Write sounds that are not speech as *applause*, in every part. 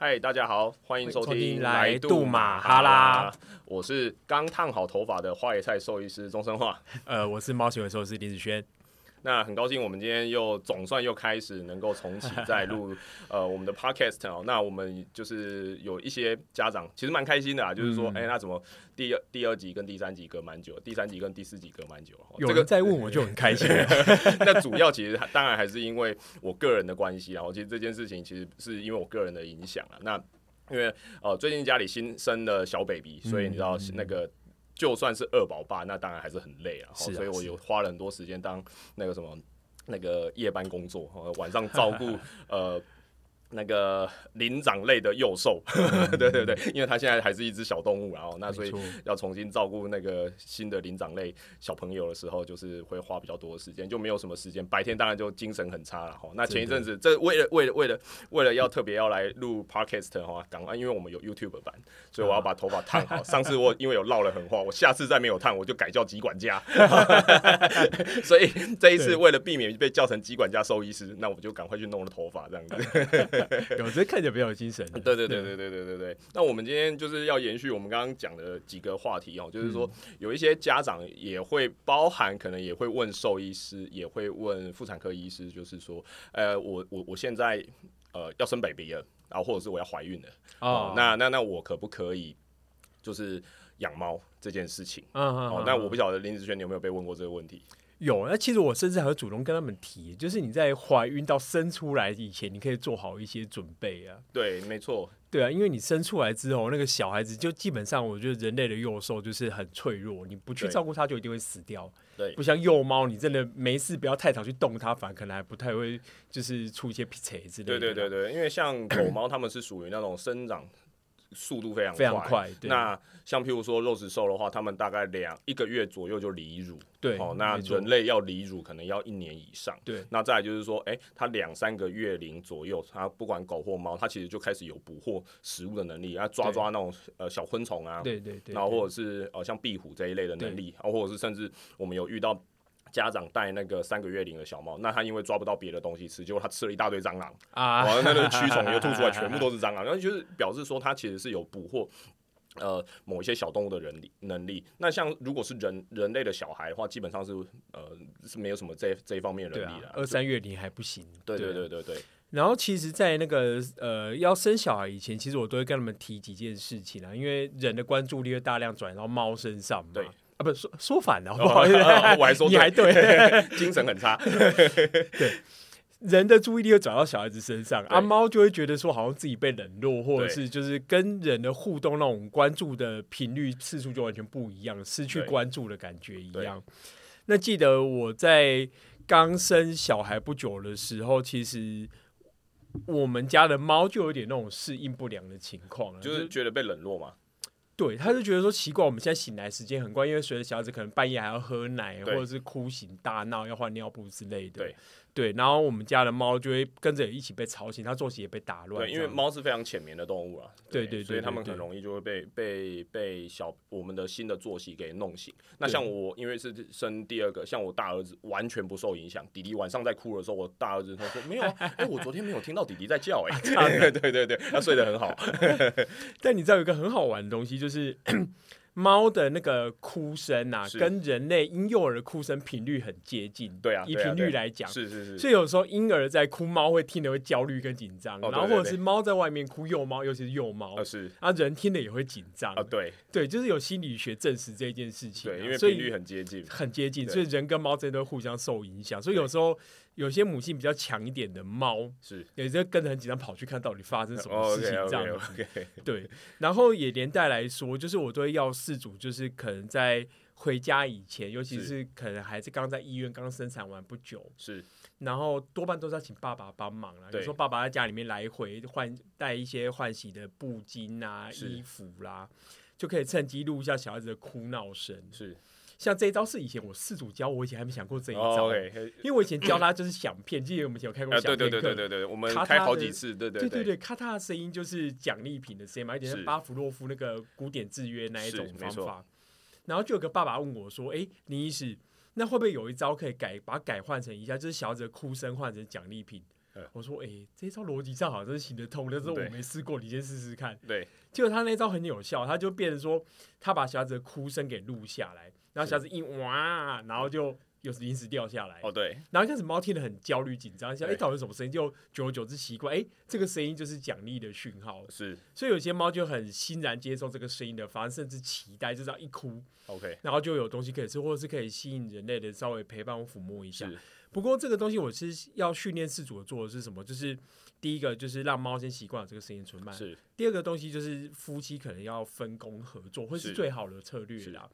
嗨，Hi, 大家好，歡迎收聽來杜馬哈啦。我是剛燙好頭髮的花椰菜獸醫師鍾昇樺， *laughs* 呃，我是貓行為獸醫師林子軒。那很高興，我們今天又總算又開始能夠重啟再錄 *laughs* 呃，我們的 podcast 哦。那我們就是有一些家長其實蠻開心的啊，嗯嗯，就是說哎、欸，那什麼第二第二集跟第三集隔蠻久，第三集跟第四集隔蠻久，有人在問我就很開心。那主要其實當然還是因為我個人的關係，啊，我其實這件事情其實是因為我個人的影響啊。那因為呃最近家裡新生的小 baby，所以你知道那個。嗯嗯就算是二寶爸，那當然還是很累啊，啊所以，我有花了很多時間當那個什麼，那個夜班工作，晚上照顧 *laughs* 呃。那個靈長類的幼獸，嗯、 *laughs* 對對對，因為它現在還是一隻小動物。哦，然後錯那所以要重新照顧那個新的靈長類小朋友的時候，就是會花比較多的時間，就沒有什麼時間。白天當然就精神很差了哈，哦。那前一陣子，對這為了為了為了為了要特別要來錄 podcast 哈，哦，趕快，因為我們有 YouTube 版，所以我要把頭髮燙好。啊、上次我因為有撂了狠話，我下次再沒有燙，我就改叫機管家。 *laughs* *laughs* 所以這一次為了避免被叫成機管家獸醫師，對那我們就趕快去弄了頭髮，這樣子。 *laughs* 有，這 *laughs* 看起來比較有精神。 *laughs* 對對對對對對對，對，對，對，對，那我們今天就是要延續我們剛剛講的幾個話題哦、喔，就是說有一些家長也會包含，可能也會問獸醫師，也會問婦產科醫師，就是說，呃，我我我現在呃要生 baby 了，然、啊、後或者是我要懷孕了，哦、喔呃，那那那我可不可以就是養貓這件事情？啊、哈哈哈哦，那我不曉得林子軒你有沒有被問過這個問題？有，那、啊、其實我甚至還會主動跟他們提，就是你在懷孕到生出來以前，你可以做好一些準備啊。對，沒錯，對啊，因為你生出來之後，那個小孩子就基本上，我覺得人類的幼獸就是很脆弱，你不去照顧它，就一定會死掉。對，不像幼貓，你真的沒事，不要太常去動它，反而可能還不太會，就是出一些皮疹之類的。對對對對，因為像狗貓，他們是屬於那種生長。Oh. 速度非常快。非常快，那像譬如說肉食獸的話，它們大概兩一個月左右就離乳。對哦，那人類要離乳可能要一年以上。對。那再來就是說，哎、欸，它兩三個月齡左右，它不管狗或貓，它其實就開始有捕獲食物的能力，牠抓抓那種對呃小昆蟲啊。對對對對對，然後或者是呃像壁虎這一類的能力，啊對或者是甚至我們有遇到。家長帶那個三個月齡的小貓，那他因為抓不到別的東西吃，結果他吃了一大堆蟑螂啊！完了，那個驅蟲又吐出來，全部都是蟑螂。然後就是表示說，他其實是有捕獲呃某一些小動物的能力。能力。那像如果是人人類的小孩的話，基本上是呃是沒有什麼這一這一方面能力的、啊。啊、就二三月齡還不行。對對對對對,對,對、啊。然後其實，在那個呃要生小孩以前，其實我都會跟他們提幾件事情啊，因為人的關注力會大量轉移到貓身上嘛，對。啊不，不說說反了，oh, 不好意思，我還說，你還對， *laughs* 精神很差，對， *laughs* 對，人的注意力又轉到小孩子身上，對啊，貓就會覺得說好像自己被冷落，或者是就是跟人的互動那種關注的頻率次數就完全不一樣，失去關注的感覺一樣。那記得我在剛生小孩不久的時候，其實我們家的貓就有點那種適應不良的情況，就是覺得被冷落嘛。對，他就覺得說奇怪，我們現在醒來時間很快，因為隨着小孩子可能半夜還要喝奶，對或者是哭醒、大鬧、要換尿布之類的。對對，然後我們家的貓就會跟着一起被吵醒，它作息也被打亂。對樣因為貓是非常淺眠的動物啊，對對，對，對，對，對，對，所以它們很容易就會被被被小我們的新的作息給弄醒。那像我，對因為是生第二個，像我大兒子完全不受影響。弟弟晚上在哭的時候，我大兒子他說 *laughs* 沒有啊，哎、欸，我昨天沒有聽到弟弟在叫哎。對對對對，他睡得很好。 *laughs* *laughs* 但你知道有一個很好玩的東西就是。 *coughs* 貓的那個哭聲啊，跟人類嬰幼兒的哭聲頻率很接近。對啊，以頻率來講，是是是。所以有時候嬰兒在哭，貓會聽得會焦慮跟緊張，然後或者是貓在外面哭，幼貓尤其是幼貓，啊，人聽得也會緊張啊。對對，就是有心理學證實這件事情。對，因為頻率很接近，很接近，所以人跟貓之間都互相受影響。所以有時候。有些母性比較強一點的貓，是，也就是跟着很緊張跑去看到底發生什麼事情這樣，Oh, okay, okay, okay. 對，然後也連帶來說，就是我都要飼主，就是可能在回家以前，尤其是可能還是剛在醫院剛生產完不久，是。然後多半都是要請爸爸幫忙了。你對說爸爸在家裡面來回換帶一些換洗的布巾、啊、是衣服啦、啊，就可以趁機錄一下小孩子的哭鬧聲。是。像這一招是以前我試圖教我，以前還沒想過這一招哎，因為我以前教他就是響片，記得、oh, okay . *coughs* 我們以前有開過響片課，對對、啊、對對對，我們開好幾次，對對對對,對,對，咔嚓的聲音就是獎勵品的聲音嘛，是有點像巴甫洛夫那個古典制約那一種方法。然後就有個爸爸問我說：“哎、欸，林醫師，那會不會有一招可以改把改換成一下，就是小孩子的哭聲換成獎勵品？”呃、我說：“哎、欸，這一招邏輯上好像是行得通的，但、嗯、是我沒試過，你先試試看。”對，結果他那招很有效，他就變成說他把小孩子的哭聲給錄下來。是然後小子一哇，然後就有時零食掉下來。哦，oh, 對。然後一開始貓聽得很焦慮、緊張，想哎對到底是什麼聲音？就久而久之習慣，哎這個聲音就是獎勵的訊號。是，所以有些貓就很欣然接受這個聲音的，反而甚至期待，就這樣一哭，Okay. 然後就有東西可以吃，或者是可以吸引人類的稍微陪伴我撫摸一下。是不過這個東西我是要訓練飼主的做的是什麼？就是第一個就是讓貓先習慣這個聲音存在。是第二個東西就是夫妻可能要分工合作，會是最好的策略啦。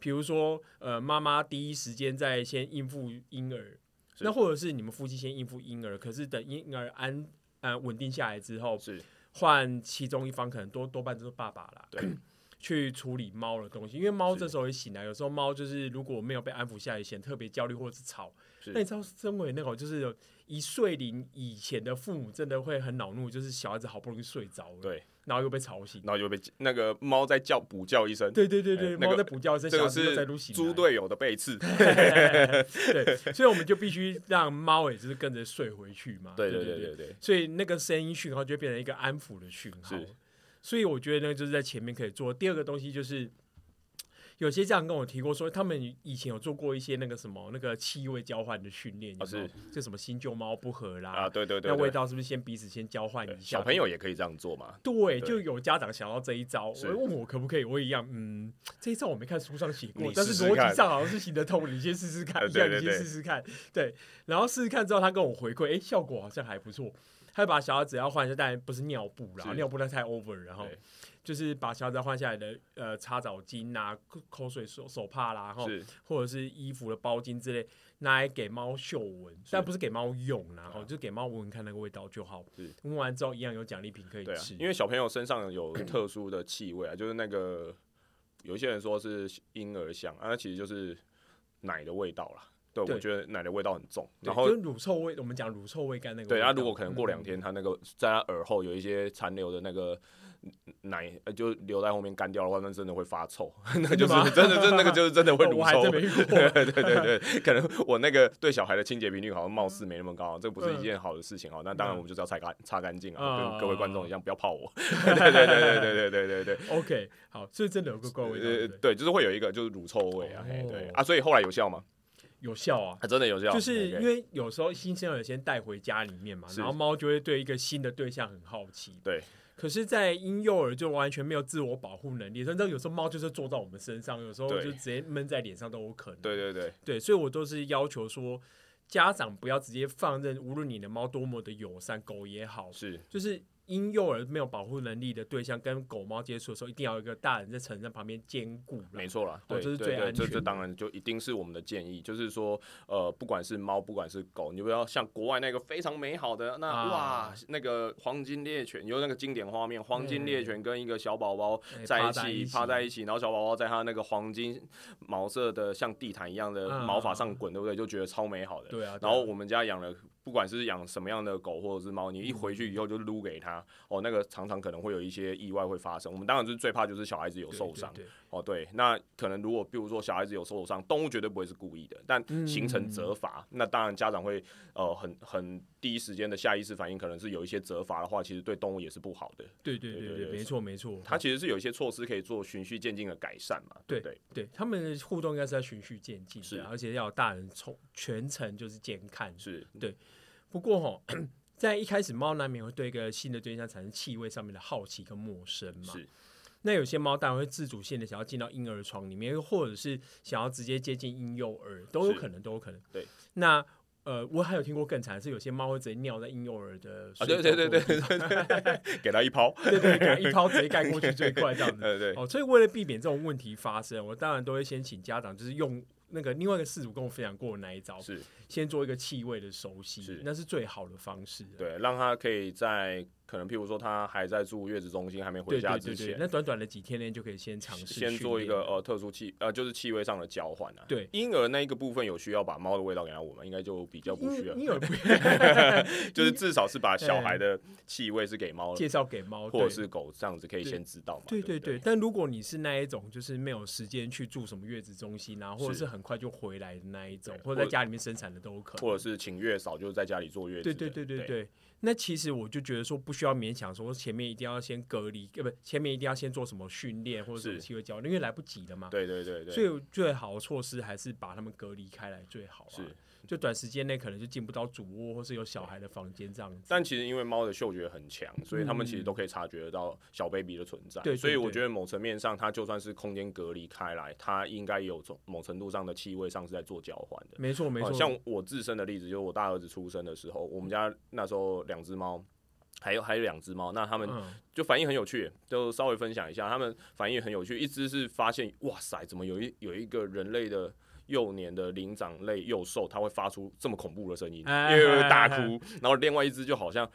比如說，呃，媽媽第一時間在先應付嬰兒，是那或者是你們夫妻先應付嬰兒，可是等嬰兒安呃穩定下來之後，是換其中一方可能多多半都是爸爸啦，對去處理貓的東西，因為貓這時候一醒來，是有時候貓就是如果沒有被安撫下來，顯得特別焦慮或者是吵。是那你知道，身為那個就是一歲零以前的父母，真的會很惱怒，就是小孩子好不容易睡着了。然後又被吵醒，然後又被那個貓在叫補叫一聲，對對對對，貓、欸、在補叫一聲，這、那個是豬隊友的背刺， *laughs* *laughs* 對，所以我們就必須讓貓也就是跟着睡回去嘛，對對對對，所以那個聲音訊號就變成一個安撫的訊號，是所以我覺得呢，就是在前面可以做第二個東西就是。有些家長跟我提過說，說他們以前有做過一些那個什麼那個氣味交換的訓練，啊、是就是這什麼新舊貓不合啦，啊，對，對對對，那味道是不是先彼此先交換一下？小朋友也可以這樣做嘛？對，對就有家長想到這一招，對所以問我可不可以，我也一樣，嗯，這一招我沒看書上寫過，試試，但是邏輯上好像是行得通，你先試試看，樣、嗯、你先試試看，對，然後試試看之後，他跟我回饋，哎，效果好像還不錯，他就把小孩子要換一下，但不是尿布啦，是尿布那太，太 over，然後。就是把小孩換下來的呃擦澡巾啊、口水手手帕啦、啊，然後是或者是衣服的包巾之類，拿來給貓嗅聞，是但不是給貓用、啊，然後、啊、就給貓聞看那個味道就好。是聞完之後一樣有獎勵品可以吃、啊。因為小朋友身上有特殊的氣味啊， *coughs* 就是那個有一些人說是嬰兒香啊，其實就是奶的味道啦。對，對我覺得奶的味道很重，然後、就是、乳臭味。我們講乳臭未乾那個。對啊，如果可能過兩天，嗯、哼他那個在他耳後有一些殘留的那個。奶就留在後面乾掉的話那真的會發臭，那個就是真的真那個就是真的會乳臭。對對對對，可能我那個對小孩的清潔頻率好像貌似沒那麼高，這不是一件好的事情哦。那當然我們就是要擦乾擦乾淨啊，跟各位觀眾一樣，不要怕我。對對對對對對對 OK，好，所以真的有個怪味。呃，對，就是會有一個就是乳臭味啊，對啊，所以後來有效嗎？有效啊，真的有效。就是因為有時候新生兒先帶回家裡面嘛，然後貓就會對一個新的對象很好奇，對。可是，在嬰幼兒就完全沒有自我保護能力，真的，有時候貓就是坐在我們身上，有時候就直接悶在臉上都有可能。對對對，對，對，所以我都是要求說，家長不要直接放任，無論你的貓多麼的友善，狗也好，是就是。嬰幼兒沒有保護能力的對象跟狗貓接觸的時候，一定要有一個大人在成人旁邊監護。沒錯啦，對，哦、這是最安全的對對對。這這當然就一定是我們的建議，就是說，呃，不管是貓，不管是狗，你不要像國外那個非常美好的那、啊、哇，那個黃金獵犬，有那個經典畫面，黃金獵犬跟一個小寶寶在一起趴、嗯欸、在，在一起，然後小寶寶在他那個黃金毛色的、嗯、像地毯一樣的毛髮上滾，對不對？就覺得超美好的。對啊。對啊，然後我們家養了。不管是養什麼樣的狗或者是貓，你一回去以後就擼給他哦，那個常常可能會有一些意外會發生。我們當然是最怕就是小孩子有受傷。對對對哦，對，那可能如果比如說小孩子有受傷，動物絕對不會是故意的，但形成責罰，嗯、那當然家長會呃很很第一時間的下意識反應，可能是有一些責罰的話，其實對動物也是不好的。對對對對，沒錯沒錯。它其實是有一些措施可以做循序漸進的改善嘛。嗯、對對對，對，他們的互動應該是在循序漸進的，是、啊、而且要有大人從全程就是監看。是。對。不過吼、哦， *coughs* 在一開始貓難免會對一個新的對象產生氣味上面的好奇跟陌生嘛。是。那有些貓當然會自主性的想要進到嬰兒床裡面，或者是想要直接接近嬰幼兒，都有可能，是都有可能。對。那呃，我還有聽過更慘的是，有些貓會直接尿在嬰幼兒的、啊，對對對對對，給他一泡， *laughs* 對，對對，給他一泡，直接蓋過去最快這樣子。對、嗯、對。哦，所以為了避免這種問題發生，我當然都會先請家長，就是用那個另外一個飼主跟我分享過的那一招，是先做一個氣味的熟悉，是那是最好的方式的。對，讓他可以在。可能，譬如說，他還在住月子中心，還沒回家之前，那短短的幾天呢，就可以先嘗試，先做一個呃特殊氣呃就是氣味上的交換啊。對，嬰兒那一個部分有需要把貓的味道給他聞，我們應該就比較不需要。嬰兒不，就是至少是把小孩的氣味是給貓了，介紹給貓，或者是狗這樣子可以先知道嘛。對對對，但如果你是那一種就是沒有時間去住什麼月子中心，啊，或者是很快就回來的那一種，或者在家裡面生產的都可以。或者是請月嫂就在家裡坐月子。對對對對對，那其實我就覺得說不需需要勉強說，前面一定要先隔離，呃不，前面一定要先做什麼訓練或者氣味交換，是因為來不及了嘛。對對對對。所以最好的措施還是把他們隔離開來最好，啊、是。就短時間內可能就進不到主臥或是有小孩的房間這樣子。但其實因為貓的嗅覺很強，所以它們其實都可以察覺得到小 baby 的存在。嗯、對，對，對。所以我覺得某層面上，它就算是空間隔離開來，它應該也有種某程度上的氣味上是在做交換的。沒錯沒錯、呃。像我自身的例子，就是我大兒子出生的時候，我們家那時候兩隻貓。還有還有兩隻貓，那他們就反應很有趣，嗯、就稍微分享一下，他們反應很有趣。一隻是發現哇塞，怎麼有一有一個人類的幼年的靈長類幼獸，它會發出這麼恐怖的聲音，又又大哭。然後另外一隻就好像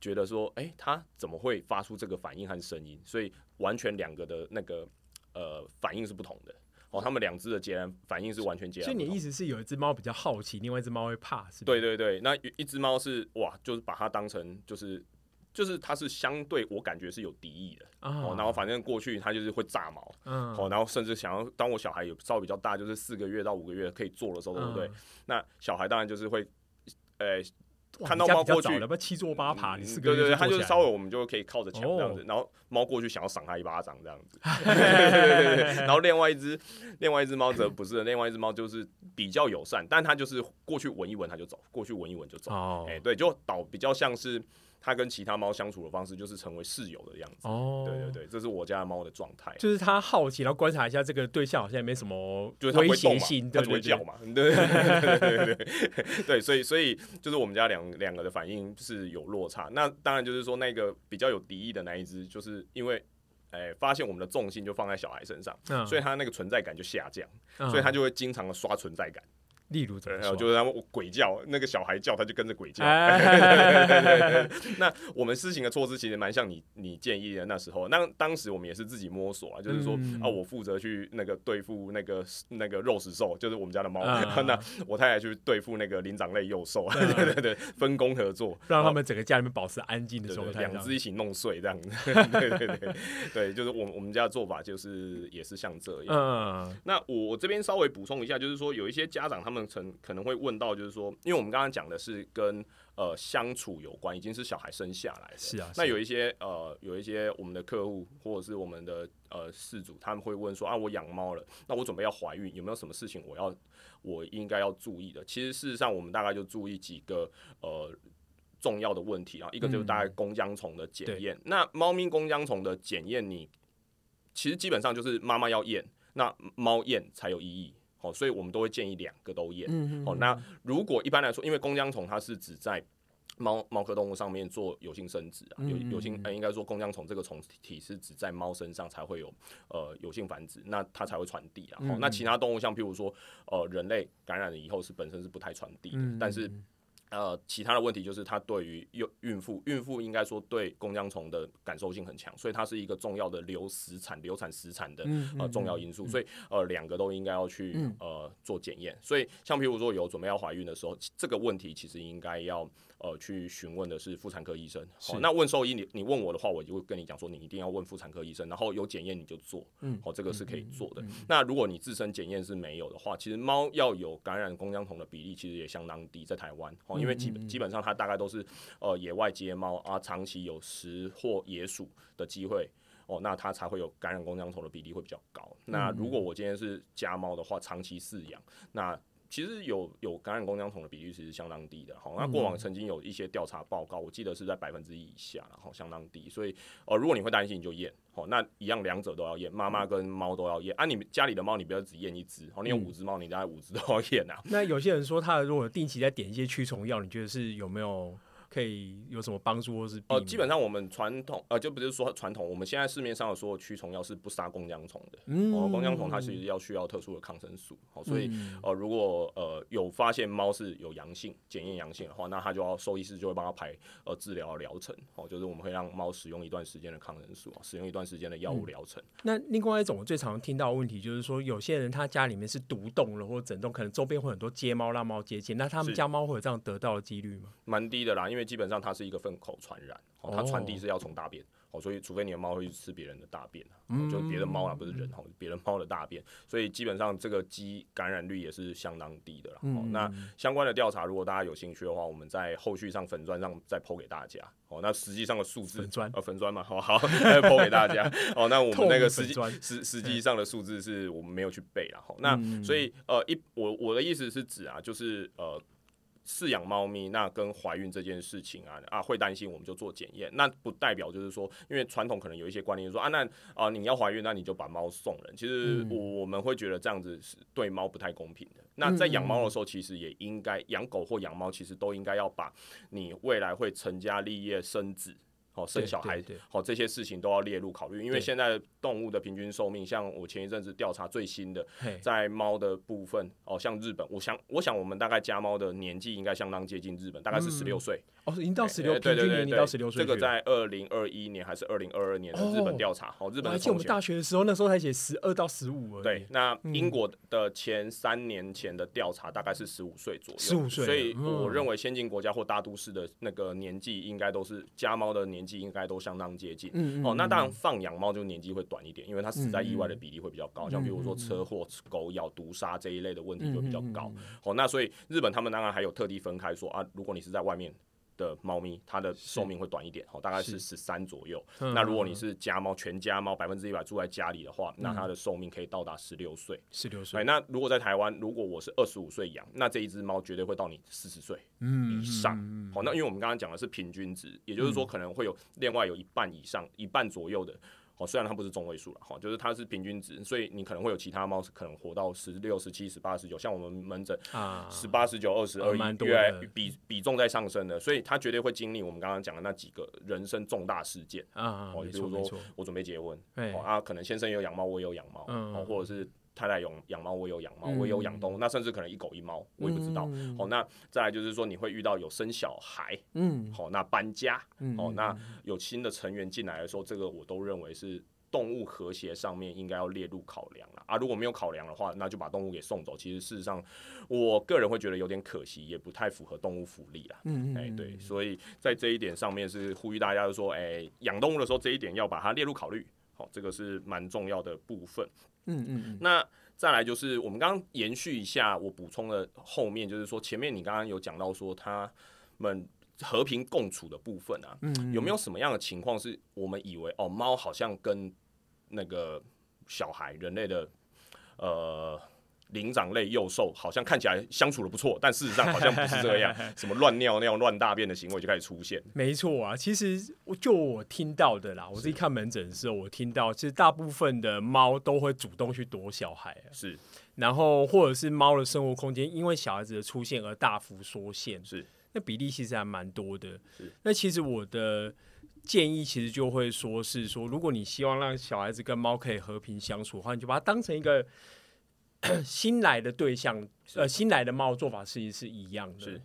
覺得說，誒、欸，它怎麼會發出這個反應和聲音？所以完全兩個的那個呃反應是不同的哦。他們兩隻的截然反應是完全截然。所以你意思是有一隻貓比較好奇，另外一隻貓會怕，是，是？對對對，那一隻貓是哇，就是把它當成就是。就是它是相對我感覺是有敵意的，然後反正過去它就是會炸毛，然後甚至想要當我小孩有稍微比較大，就是四個月到五個月可以坐的時候，對不對？那小孩當然就是會，看到貓過去，要不七坐八爬？你四個月對對對，它就稍微我們就可以靠着牆這樣子，然後貓過去想要賞它一巴掌這樣子，然後另外一只，另外一只貓則不是，另外一只貓就是比較友善，但它就是過去聞一聞它就走，過去聞一聞就走，哦，對，就倒比較像是。它跟其他貓相處的方式就是成為室友的樣子，哦、對對對，這是我家貓的狀態。就是它好奇，然後觀察一下這個對象，好像也沒什麼，就是它會動嘛，它不會叫嘛，對對對，所以所以就是我們家兩兩個的反應就是有落差。那當然就是說，那個比較有敵意的那一隻，就是因為哎、欸、發現我們的重心就放在小孩身上，嗯、所以它那個存在感就下降，嗯、所以它就會經常的刷存在感。例如怎麼說、嗯、就是他們鬼叫，那個小孩叫，他就跟着鬼叫。那我們施行的措施其實蠻像你你建議的那時候。那當時我們也是自己摸索啊，嗯、就是說啊，我負責去那個對付那個那個肉食獸，就是我們家的貓。啊、 *laughs* 那我太太去對付那個靈長類幼獸。啊、 *laughs* 對對對，分工合作，讓他們整個家裡面保持安靜的狀態。兩隻一起弄碎，這樣子。 *laughs* *laughs* 對，對對對，對，就是我們我們家的做法就是也是像這樣。啊、那我這邊稍微補充一下，就是說有一些家長他們。可能會問到，就是說，因為我們剛剛講的是跟呃相處有關，已經是小孩生下來了。啊。是啊。那有一些呃，有一些我們的客戶或者是我們的呃飼主，他們會問說，啊，我養貓了，那我準備要懷孕，有沒有什麼事情我要我應該要注意的？其實事實上，我們大概就注意幾個呃重要的問題啊，一個就是大概弓漿蟲的檢驗。嗯、那貓咪弓漿蟲的檢驗，你其實基本上就是媽媽要驗，那貓驗才有意義。好、哦，所以我們都會建議兩個都驗。好、嗯哼哦，那如果一般來說，因為弓漿蟲它是只在貓貓科動物上面做有性生殖、啊、有有性，呃，應該說弓漿蟲這個蟲體是只在貓身上才會有呃有性繁殖，那它才會傳遞啊、嗯哼哦。那其他動物像譬如說呃人類感染了以後，是本身是不太傳遞的，嗯、哼但是。呃，其他的問題就是它對於孕孕婦，孕婦應該說對弓漿蟲的感受性很強，所以它是一個重要的流死產、流產死產的、嗯嗯、呃重要因素。所以呃，兩個都應該要去呃做檢驗。嗯、所以像比如說有準備要懷孕的時候，這個問題其實應該要。呃，去詢問的是婦產科醫生。好是、哦，那問獸醫你，你你問我的話，我就會跟你講說，你一定要問婦產科醫生，然後有檢驗你就做。哦、嗯，好，這個是可以做的。嗯嗯嗯嗯、那如果你自身檢驗是沒有的話，其實貓要有感染弓形蟲的比例其實也相當低，在台灣。哦，因為基本基本上它大概都是呃野外接貓啊，長期有食或野鼠的機會，哦，那它才會有感染弓形蟲的比例會比較高。嗯、那如果我今天是家貓的話，長期飼養，那其實有有感染弓形蟲的比率其實是相當低的，好、嗯，那過往曾經有一些調查報告，我記得是在百分之一以下，然後相當低，所以呃如果你會擔心你就驗，好，那一樣兩者都要驗，媽媽跟貓都要驗，啊，你家裡的貓你不要只驗一隻，好，你有五隻貓，你大概五隻都要驗啊。嗯、 *laughs* 那有些人說他如果定期在點一些驅蟲藥，你覺得是有沒有？可以有什麼幫助或是哦、呃？基本上我們傳統呃，就不是說傳統，我們現在市面上的所有驅蟲藥是不殺弓漿蟲的。嗯，哦，弓漿蟲它其實要需要特殊的抗生素。好、嗯哦，所以呃，如果呃有發現貓是有陽性檢驗陽性的話，那它就要獸醫師就會幫它排呃治療療程。哦，就是我們會讓貓使用一段時間的抗生素，使用一段時間的藥物療程，嗯。那另外一種我最常聽到的問題就是說，有些人他家裡面是獨棟了，或者整棟，可能周邊會很多街貓讓貓接近，那他們家貓會有這樣得到的幾率嗎？蠻低的啦，因為。因為基本上它是一個糞口傳染，哦、喔，它傳遞是要從大便，哦、oh. 喔，所以除非你的貓會去吃別人的大便，嗯、喔，就別的貓啊，不是人，哦、喔，別的貓的大便，所以基本上這個雞感染率也是相當低的了。哦、嗯喔，那相關的調查，如果大家有興趣的話，我們在後續上粉專上再 PO 給大家，哦、喔，那實際上的數字，粉專專、呃、粉專嘛，喔、好好再 PO 給大家，哦、 *laughs* 喔，那我們那個實際實實際上的數字是我們沒有去背啊。哦、喔，那、嗯、所以呃，一我我的意思是指啊，就是呃。飼養貓咪，那跟懷孕這件事情啊，啊會擔心，我們就做檢驗。那不代表就是說，因為傳統可能有一些觀念說啊，那啊、呃、你要懷孕，那你就把貓送人。其實我我們會覺得這樣子是對貓不太公平的。那在養貓的時候，其實也應該養狗或養貓，其實都應該要把你未來會成家立業生子。哦、生小孩，好、哦、這些事情都要列入考慮，因為現在動物的平均壽命，像我前一陣子調查最新的，對在貓的部分，哦，像日本，我想，我想我們大概家貓的年紀應該相當接近日本，大概是十六歲哦，已經到十六、欸，平均年齡到十六歲，對，這個在二零二一年還是二零二二年的日本調查，哦，哦，日本而且我，我們大學的時候那時候才寫十二到十五，對，那英國的前三年前的調查大概是十五歲左右，15歲，嗯、所以我認為先進國家或大都市的那個年紀應該都是家貓的年紀。應該都相當接近嗯嗯嗯哦。那當然，放養貓就年紀會短一點，因為它死在意外的比例會比較高，嗯嗯，像比如說車禍、狗咬、毒殺這一類的問題就會比較高。嗯嗯嗯哦，那所以日本他們當然還有特地分開說啊，如果你是在外面。的貓咪，它的壽命會短一點，好是、哦，大概是十三左右。是那如果你是家貓，全家貓百分之一百住在家裡的話，那它的壽命可以到達十六歲。十六歲。那如果在台灣，如果我是二十五歲養，那這一只貓絕對會到你四十歲以上。好、嗯嗯嗯哦，那因為我們剛剛講的是平均值，也就是說可能會有另外有一半以上、嗯、一半左右的。哦，雖然它不是中位數了，哈，就是它是平均值，所以你可能會有其他貓是可能活到十六、十七、十八、十九，像我們門診，啊，十八、十九、二十而已，對，越來，比比重在上升的，所以它絕對會經歷我們剛剛講的那幾個人生重大事件，啊，哦、啊，就比如說我準備結婚，沒錯，啊，可能先生有養貓，我也有養貓，嗯，或者是。太太有養貓，我有養貓，我也有養動物，嗯、那甚至可能一狗一貓，我也不知道。好、嗯哦，那再來就是說，你會遇到有生小孩，嗯，好、哦，那搬家，好、嗯哦，那有新的成員進來的時候，這個我都認為是動物和諧上面應該要列入考量了啊。如果沒有考量的話，那就把動物給送走。其實事實上，我個人會覺得有點可惜，也不太符合動物福利啦。嗯嗯、欸，對，所以在這一點上面是呼籲大家說，誒、欸，養動物的時候這一點要把它列入考慮，好、哦，這個是蠻重要的部分。嗯嗯，那再來就是我們剛剛延續一下，我補充的。後面就是說，前面你剛剛有講到說他們和平共處的部分啊，有沒有什麼樣的情況是我們以為哦，貓好像跟那個小孩、人類的呃。靈長類幼獸好像看起來相處得不錯，但事實上好像不是這樣。 *laughs* 什麼亂尿尿、亂大便的行為就開始出現。沒錯啊，其實我就我聽到的啦。我自己看門診的時候，我聽到其實大部分的貓都會主動去躲小孩啊。是，然後或者是貓的生活空間因為小孩子的出現而大幅縮限。是，那比例其實還蠻多的。是，那其實我的建議其實就會說是說，如果你希望讓小孩子跟貓可以和平相處的話，你就把它當成一個。 *coughs* 新來的對象，的呃，新來的貓做法事情是一樣的，是、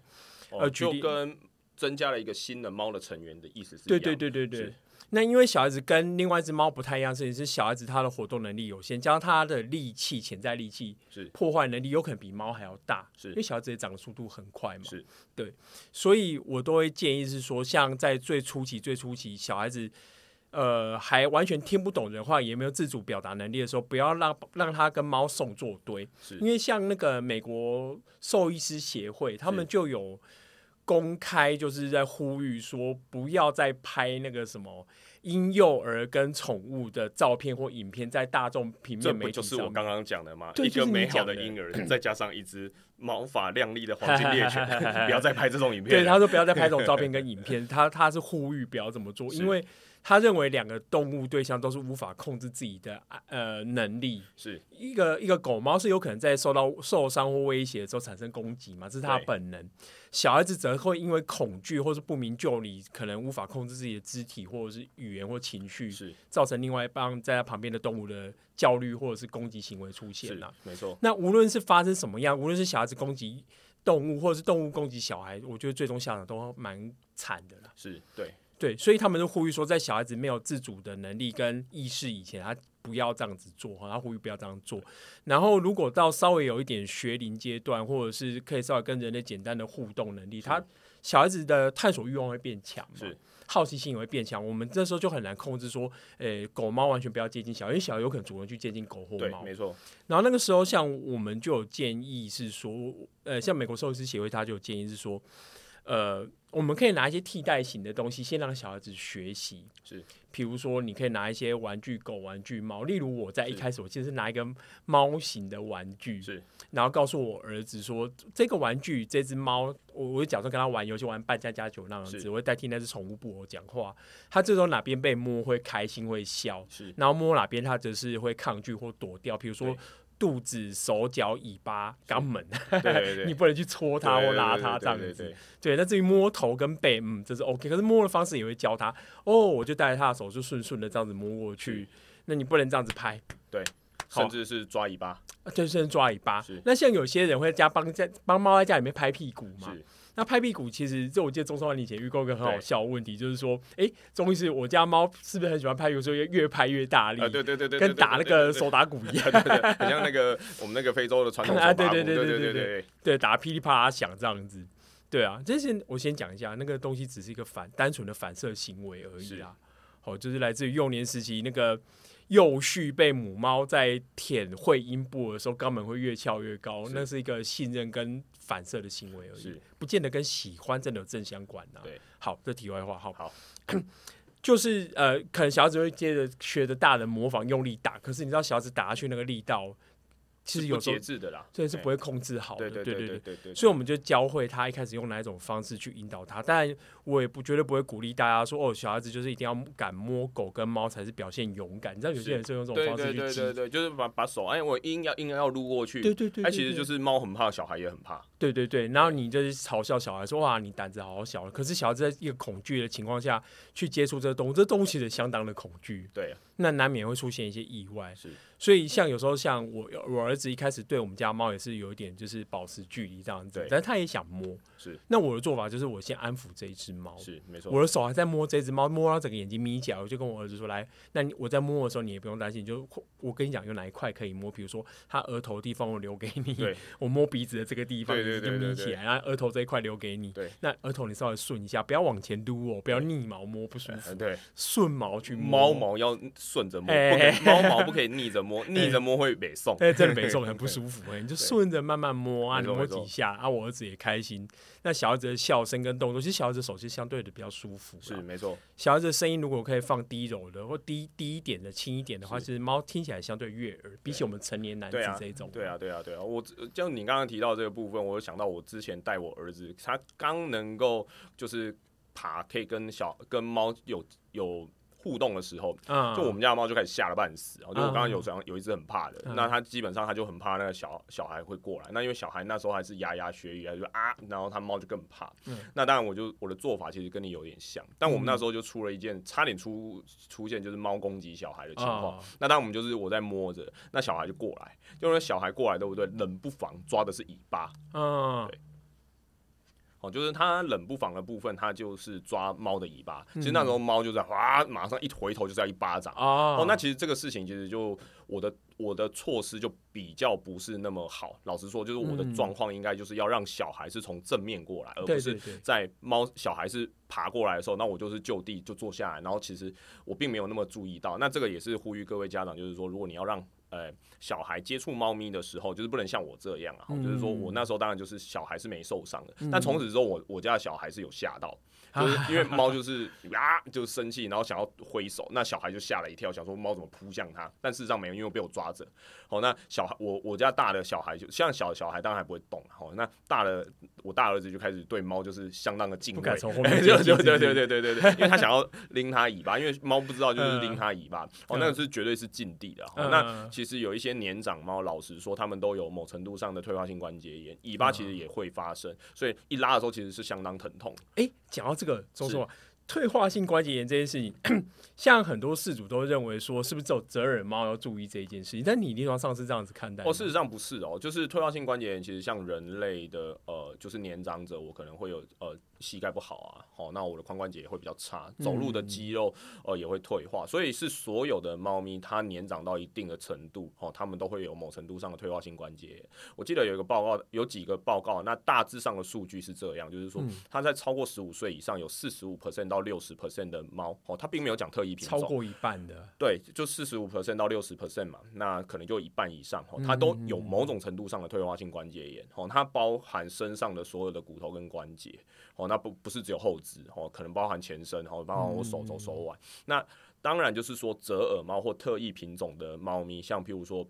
哦、呃，就跟增加了一個新的貓的成員的意思是，對,對對對對對。是那因為小孩子跟另外一只貓不太一樣事情，甚至是小孩子他的活動能力有限，加上他的力氣、潛在力氣是破壞能力有可能比貓還要大，是因為小孩子也長得速度很快嘛，是對，所以我都會建議是說，像在最初期、最初期，小孩子。呃，還完全聽不懂人話，也沒有自主表達能力的時候，不要讓讓他跟貓送做堆，是因為像那個美國獸醫師協會，他們就有公開就是在呼籲說，不要再拍那個什麼嬰幼兒跟寵物的照片或影片，在大眾平面媒體上面。這不就是我剛剛講的嗎？對一個美好的嬰兒，就是、再加上一只毛髮亮麗的黃金獵犬， *laughs* *laughs* 不要再拍這種影片。對，他說不要再拍這種照片跟影片， *laughs* 他他是呼籲不要這麼做，因為。他認為兩個動物對象都是無法控制自己的呃能力，是一個一個狗貓是有可能在受到受傷或威脅的時候產生攻擊嘛，這是他本能。對小孩子則會因為恐懼或是不明就裡，可能無法控制自己的肢體或者是語言或情緒，是造成另外一幫在他旁邊的動物的焦慮或者是攻擊行為出現了。沒錯。那無論是發生什麼樣，無論是小孩子攻擊動物，或者是動物攻擊小孩，我覺得最終下場都蠻慘的啦。是對。對，所以他們就呼籲說，在小孩子沒有自主的能力跟意識以前，他不要這樣子做哈。他呼籲不要這樣做。然後，如果到稍微有一點學齡階段，或者是可以稍微跟人類簡單的互動能力，他小孩子的探索欲望會變強嘛，是好奇心也會變強。我們這時候就很難控制說，誒，狗貓完全不要接近小孩，因為小孩有可能主動去接近狗或貓。對，沒錯。然後那個時候，像我們就有建議是說，呃，像美國獸醫師協會，他就有建議是說，呃。我們可以拿一些替代型的東西，先讓小孩子學習。是，比如說，你可以拿一些玩具狗、玩具貓。例如，我在一開始，我其實是拿一個貓型的玩具，是，然後告訴我兒子說：“這個玩具這只貓，我我會假裝跟他玩遊戲，玩扮家家酒那樣子，是我會代替那只寵物布偶講話。他這時候哪邊被摸會開心會笑，是，然後摸哪邊他則是會抗拒或躲掉。比如說。肚子、手腳、尾巴、是肛門，對對對 *laughs* 你不能去戳它或拉它這樣子。對，那至於摸頭跟背，嗯，這是 OK。可是摸的方式也會教他。哦，我就帶着他的手，就順順的這樣子摸過去。是那你不能這樣子拍，對，好甚至是抓尾巴，對，甚至抓尾巴。是那像有些人會在家幫在幫貓在家裡面拍屁股嘛？那拍屁股其實，就我記得鍾昇樺以前遇過一個很好笑的問題，就是說，哎，鍾醫師，我家貓是不是很喜歡拍屁股，有時候越拍越大力，對對對對，跟打那個手打鼓一樣，很像那個我們那個非洲的傳統打鼓，對對對對對對，對打噼里啪啦響這樣子。對啊，這是我先講一下，那個東西只是一個反單純的反射行為而已啊。好，就是來自於幼年時期，那個幼畜被母貓在舔會陰部的時候，肛門會越翹越高，那是一個信任跟。反射的行為而已，是不見得跟喜歡真的有正相關的。啊、對好，這題外話哈。好，好嗯、就是呃，可能小孩子會接着學着大人模仿用力打，可是你知道小孩子打下去那個力道，其實有節制的啦，所以是不會控制好的。欸、對對對對對，所以我們就教會他一開始用哪一種方式去引導他。當然，我也不絕對不會鼓勵大家說哦，小孩子就是一定要敢摸狗跟貓才是表現勇敢。你知道有些人是用這種方式去激對，對，對，對，對對，就是把把手哎、欸，我硬要硬要擼過去，對對對，對，對，對、欸，其實就是貓很怕，小孩也很怕。對對對，然後你就嘲笑小孩說：“哇，你膽子好小！”可是小孩在一個恐懼的情況下去接觸這個東西，這東西是相當的恐懼。對啊，那難免會出現一些意外。是，所以像有時候像我我兒子一開始對我們家貓也是有一點就是保持距離這樣子，對但他也想摸。是，那我的做法就是我先安撫這一只貓。是，沒錯。我的手還在摸這只貓，摸到整個眼睛眯起來，我就跟我兒子說：“來，那我在摸的時候，你也不用擔心，就我跟你講，有哪一塊可以摸，比如說他額頭的地方我留給你，對我摸鼻子的這個地方對對對。”就眯起來，然後額頭這一塊留給你。對，那額頭你稍微順一下，不要往前擼哦、喔，不要逆毛摸不舒服。對，順對毛去摸、喔，貓毛要順着摸，欸、不可以，貓毛不可以逆着摸，欸、逆着摸會沒送。對，真的沒送，很不舒服、欸。對你就順着慢慢摸啊，摸對幾下啊，我兒子也開心。那小孩子的笑聲跟動作，其實小孩子手是相對的比較舒服。是沒錯，小孩子的聲音如果可以放低柔的，或低低一點的、輕一點的話，是其實貓聽起來相對悅耳，對比起我們成年男子這一種。對啊，對啊，對啊，我就你剛剛提到這個部分，我想到我之前帶我兒子，他剛能夠就是爬，可以跟小跟貓有有。有互動的時候，就我們家的貓就開始嚇得半死。Uh huh. 然後就我剛剛有講，有一隻很怕的，uh huh. 那它基本上它就很怕那個小小孩會過來。那因為小孩那時候還是牙牙學語，就啊，然後它貓就更怕。Uh huh. 那當然，我就我的做法其實跟你有點像，但我們那時候就出了一件、uh huh. 差點出出現就是貓攻擊小孩的情況。Uh huh. 那當然我們就是我在摸着，那小孩就過來，因為小孩過來對不對？冷不防抓的是尾巴，嗯、uh，huh. 對。就是他冷不防的部分，他就是抓貓的尾巴。其實那時候貓就在哇，馬上一回頭就是要一巴掌哦，那其實這個事情其實就我的我的措施就比較不是那麼好。老實說，就是我的狀況應該就是要讓小孩是從正面過來，而不是在貓小孩是爬過來的時候，那我就是就地就坐下來。然後其實我並沒有那麼注意到。那這個也是呼籲各位家長，就是說，如果你要讓呃、欸，小孩接觸貓咪的時候，就是不能像我這樣啊，就是說我那時候當然就是小孩是沒受傷的，嗯、但從此之後我，我我家的小孩是有嚇到，嗯、就是因為貓就是 *laughs* 啊，就生氣，然後想要揮手，那小孩就嚇了一跳，想說貓怎麼撲向他？但事實上沒有，因為被我抓着。好，那小孩我我家大的小孩就像小小孩，當然還不會動好，那大的我大兒子就開始對貓就是相當的敬畏、不敢從後面、欸，對對對對對對，對，對，對， *laughs* 因為他想要拎他尾巴，因為貓不知道就是拎他尾巴，哦、呃，那個是絕對是禁地的。好，呃呃、那其。其實有一些年長貓，老實說，他們都有某程度上的退化性關節炎，尾巴其實也會發生，所以一拉的時候其實是相當疼痛。哎、欸，講到這個，說實話，是退化性關節炎這件事情，像很多飼主都認為說，是不是只有折耳貓要注意這一件事情？但你臨床上是這樣子看待？哦，事實上不是哦，就是退化性關節炎，其實像人類的呃，就是年長者，我可能會有呃。膝蓋不好啊，好、哦，那我的髖關節也會比較差，走路的肌肉嗯嗯呃也會退化。所以是所有的貓咪，它年長到一定的程度，哦，它們都會有某程度上的退化性關節炎。我記得有一個報告，有幾個報告，那大致上的數據是這樣，就是說、嗯、它在超過十五歲以上有四十五 percent 到六十 percent 的貓，哦，它並沒有講特異品種，超過一半的，對，就四十五 percent 到六十 percent 嘛，那可能就一半以上，哦，它都有某種程度上的退化性關節炎，嗯嗯嗯、哦，它包含身上的所有的骨頭跟關節，哦那不不是只有後肢哦，可能包含全身哦，然後包含我手肘、手腕。嗯、那當然就是說折耳貓或特異品種的貓咪，像譬如說，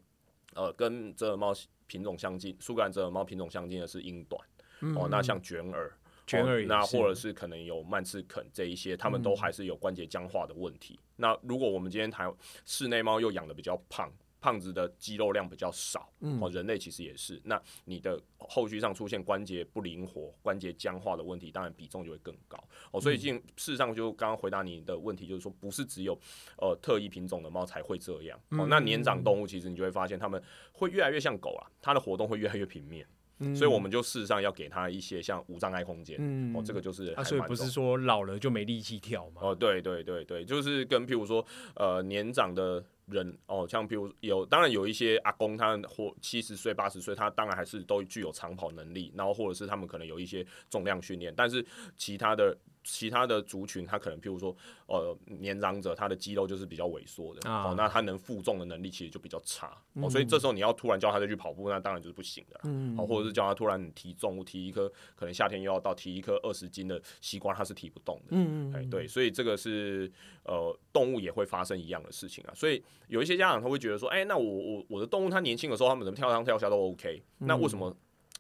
呃，跟折耳貓品種相近、蘇格蘭折耳貓品種相近的是英短、嗯、哦。那像捲耳，捲耳也、哦、那或者是可能有曼赤肯這一些，它們都還是有關節僵化的問題。嗯、那如果我們今天談室內貓又養得比較胖。胖子的肌肉量比較少，哦、嗯，人類其實也是。那你的後續上出現關節不靈活、關節僵化的問題，當然比重就會更高。哦，所以事實上就剛剛回答你的問題，就是說不是只有呃特異品種的貓才會這樣。哦，那年長動物其實你就會發現它們會越來越像狗啊，它的活動會越來越平面。嗯，所以我們就事實上要給它一些像無障礙空間。嗯，哦，這個就是還。啊，所以不是說老了就沒力氣跳嗎？哦，對對對對，就是跟譬如說呃年長的。人哦，像譬如有，當然有一些阿公他，他們或七十歲、八十歲，他當然還是都具有長跑能力，然後或者是他們可能有一些重量訓練，但是其他的其他的族群，他可能譬如說，呃，年長者他的肌肉就是比較萎縮的，啊、哦，那他能負重的能力其實就比較差，嗯、哦，所以這時候你要突然叫他再去跑步，那當然就是不行的，嗯，嗯，哦，或者是叫他突然提重，提一顆可能夏天又要到提一顆二十斤的西瓜，他是提不動的，嗯，嗯，嗯哎，對，所以這個是呃，動物也會發生一樣的事情啊，所以。有一些家長他會覺得說，哎、欸，那我我我的動物它年輕的時候，他們怎麼跳上跳下都 OK，那為什麼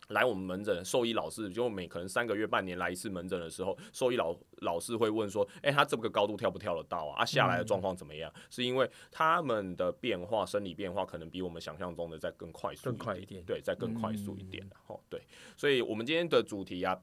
來我們門診獸醫老師就每可能三個月半年來一次門診的時候，獸醫老老是會問說，哎、欸，它這個高度跳不跳得到啊？它、啊、下來的狀況怎麼樣？嗯、是因為他們的變化，生理變化可能比我們想象中的再更快速一點，更快一點，對，再更快速一點，哦、嗯，對，所以我們今天的主題啊。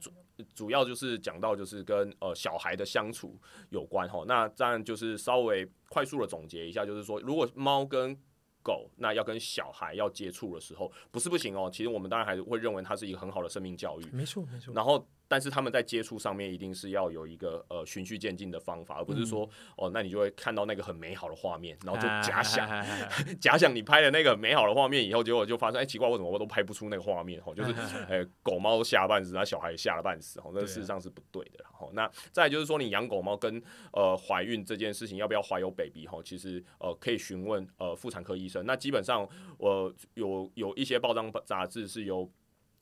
主主要就是講到就是跟呃小孩的相處有關吼，那這樣就是稍微快速的總結一下，就是說如果貓跟狗那要跟小孩要接觸的時候，不是不行哦，其實我們當然還是會認為它是一個很好的生命教育，沒錯沒錯，然後。但是他們在接觸上面一定是要有一個呃循序漸進的方法，而不是說哦，那你就會看到那個很美好的畫面，然後就假想 *laughs* 假想你拍的那個美好的畫面以後，結果就發生哎、欸、奇怪，為什麼我都拍不出那個畫面？吼、哦，就是呃、欸、狗貓嚇半死，那小孩也嚇了半死，吼、啊哦，那事實上是不對的。吼、啊哦，那再就是說，你養狗貓跟呃懷孕這件事情要不要懷有 baby？吼、哦，其實呃可以詢問呃婦產科醫生。那基本上我、呃、有有一些報章雜誌是由。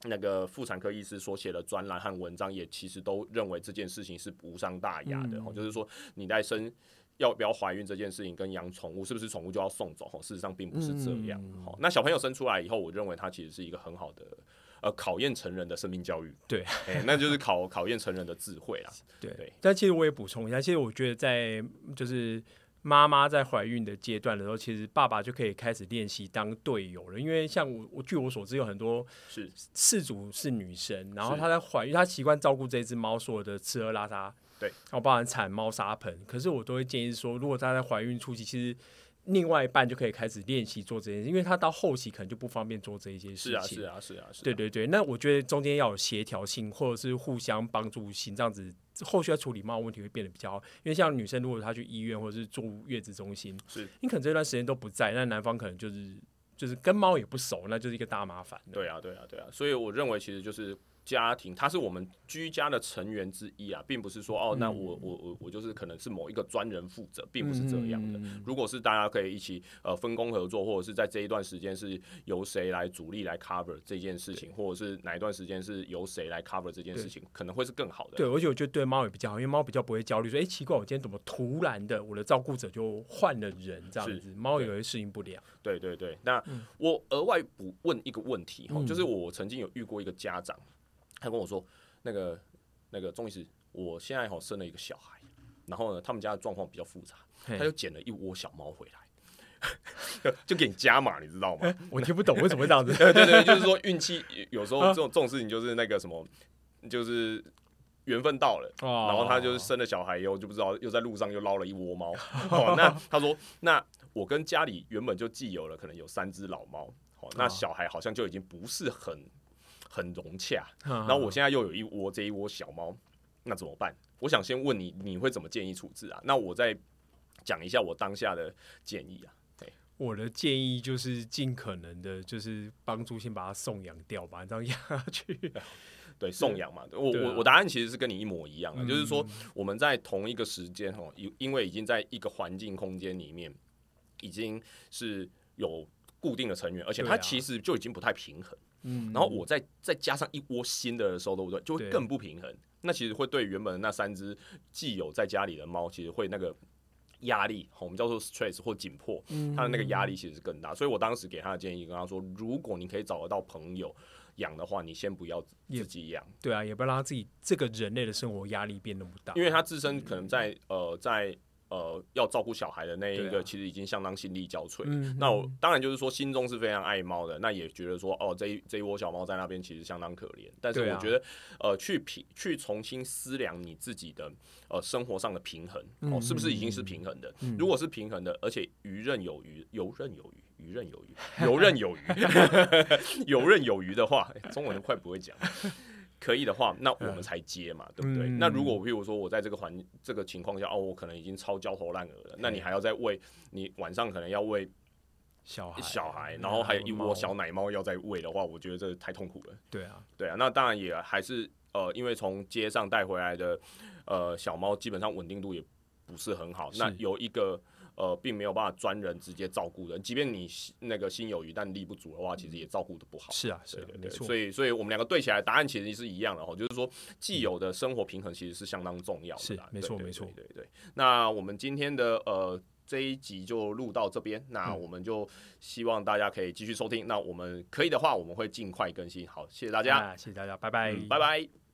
那個婦產科醫師所寫的專欄和文章，也其實都認為這件事情是無傷大雅的。哈、嗯哦，就是說你在生要不要懷孕這件事情，跟養寵物是不是寵物就要送走，哦？事實上並不是這樣。嗯哦、那小朋友生出來以後，我認為它其實是一個很好的呃考驗成人的生命教育。對、哎，那就是考 *laughs* 考驗成人的智慧啦。對，對但其實我也補充一下，其實我覺得在就是。媽媽在懷孕的階段的時候，其實爸爸就可以開始練習當隊友了。因為像我，我據我所知，有很多是飼主是女生，是然後她在懷孕，她習慣照顧這隻貓，所有的吃喝拉撒，對，然後幫她鏟貓砂盆。可是我都會建議說，如果她在懷孕初期，其實另外一半就可以開始練習做這件事，因為她到後期可能就不方便做這一些事情。是啊。是啊，是啊，是啊。對對對，那我覺得中間要有協調性，或者是互相幫助性，這樣子。後續要處理貓問題會變得比較，因為像女生如果她去醫院或者是住月子中心，是，你可能這段時間都不在，那男方可能就是就是跟貓也不熟，那就是一個大麻煩。對啊，對啊，對啊，所以我認為其實就是。家庭，他是我們居家的成員之一啊，並不是說哦，那我、嗯、我我我就是可能是某一個專人負責，並不是這樣的。嗯、如果是大家可以一起呃分工合作，或者是在這一段時間是由誰來主力來 cover 這件事情，對或者是哪一段時間是由誰來 cover 這件事情，對可能會是更好的。對，而且我覺得對貓也比較好，因為貓比較不會焦慮。說哎、欸，奇怪，我今天怎麼突然的我的照顧者就換了人這樣子，貓也會適應不了。對對對，那我額外補問一個問題哈，嗯、就是我曾經有遇過一個家長。他跟我說，那個那個鍾醫師，我現在好生了一個小孩。然後呢，他們家的狀況比較複雜，他就撿了一窩小貓回來，嘿 *laughs* 就給你加碼，你知道嗎？欸、我聽不懂為什麼會這樣子。 *laughs* 對對對，就是說運氣有時候這種、啊、這種事情就是那個什麼，就是緣分到了，哦、然後他就是生了小孩以後，又就不知道又在路上又撈了一窩貓、哦哦。那他說，那我跟家裡原本就既有了，可能有三隻老貓，哦，那小孩好像就已經不是很。很融洽，然後、啊、我現在又有一窩這一窩小貓，那怎麼辦？我想先問你，你會怎麼建議處置啊？那我再講一下我當下的建議啊。對，我的建議就是盡可能的，就是幫助先把它送養掉吧，把它這樣壓下去。 *laughs* 對，送養嘛。對我我、啊、我答案其實是跟你一模一樣啊，嗯、就是說我們在同一個時間哦，因為已經在一個環境空間裡面，已經是有固定的成員，而且它其實就已經不太平衡。嗯，然後我再再加上一窩新的收對不對？就會更不平衡。對那其實會對原本的那三隻既有在家裡的貓，其實會那個壓力，我們叫做 stress 或緊迫，它的那個壓力其實是更大。嗯、所以我當時給他的建議，跟他說，如果你可以找得到朋友養的話，你先不要自己養。對啊，也不要讓他自己這個人類的生活壓力變那麼大。因為他自身可能在、嗯、呃在。呃，要照顧小孩的那一個，啊、其實已經相當心力交瘁。嗯嗯，那我當然就是說，心中是非常愛貓的，那也覺得說，哦，這一這一窩小貓在那邊其實相當可憐。啊、但是我覺得，呃，去平去重新思量你自己的呃生活上的平衡，哦、呃，是不是已經是平衡的？嗯嗯，如果是平衡的，而且游刃有餘，游刃有餘，游刃有餘，游 *laughs* 刃有餘，游 *laughs* 刃有餘的話，中文快不會講。 *laughs* 可以的話，那我們才接嘛，嗯、對不對？嗯、那如果我譬如說我在這個環這個情況下，哦，我可能已經超焦頭爛額了，Okay. 那你還要再餵你晚上可能要餵小小孩，小孩然後還有一窩貓小奶貓要再餵的話，我覺得這太痛苦了。對啊，對啊，那當然也還是呃，因為從街上帶回來的呃小貓，基本上穩定度也不是很好。是那有一個。呃，並沒有辦法專人直接照顧的。即便你那個心有餘，但力不足的話，其實也照顧得不好、嗯。是啊，是啊，對對對沒錯。所以，所以我們兩個對起來，答案其實是一樣的哈、哦，就是說，既有的生活平衡其實是相當重要的。是、嗯，沒錯，沒錯，對對。那我們今天的呃這一集就錄到這邊，那我們就希望大家可以繼續收聽。嗯、那我們可以的話，我們會盡快更新。好，謝謝大家，啊、謝謝大家，拜拜，拜拜、嗯。Bye bye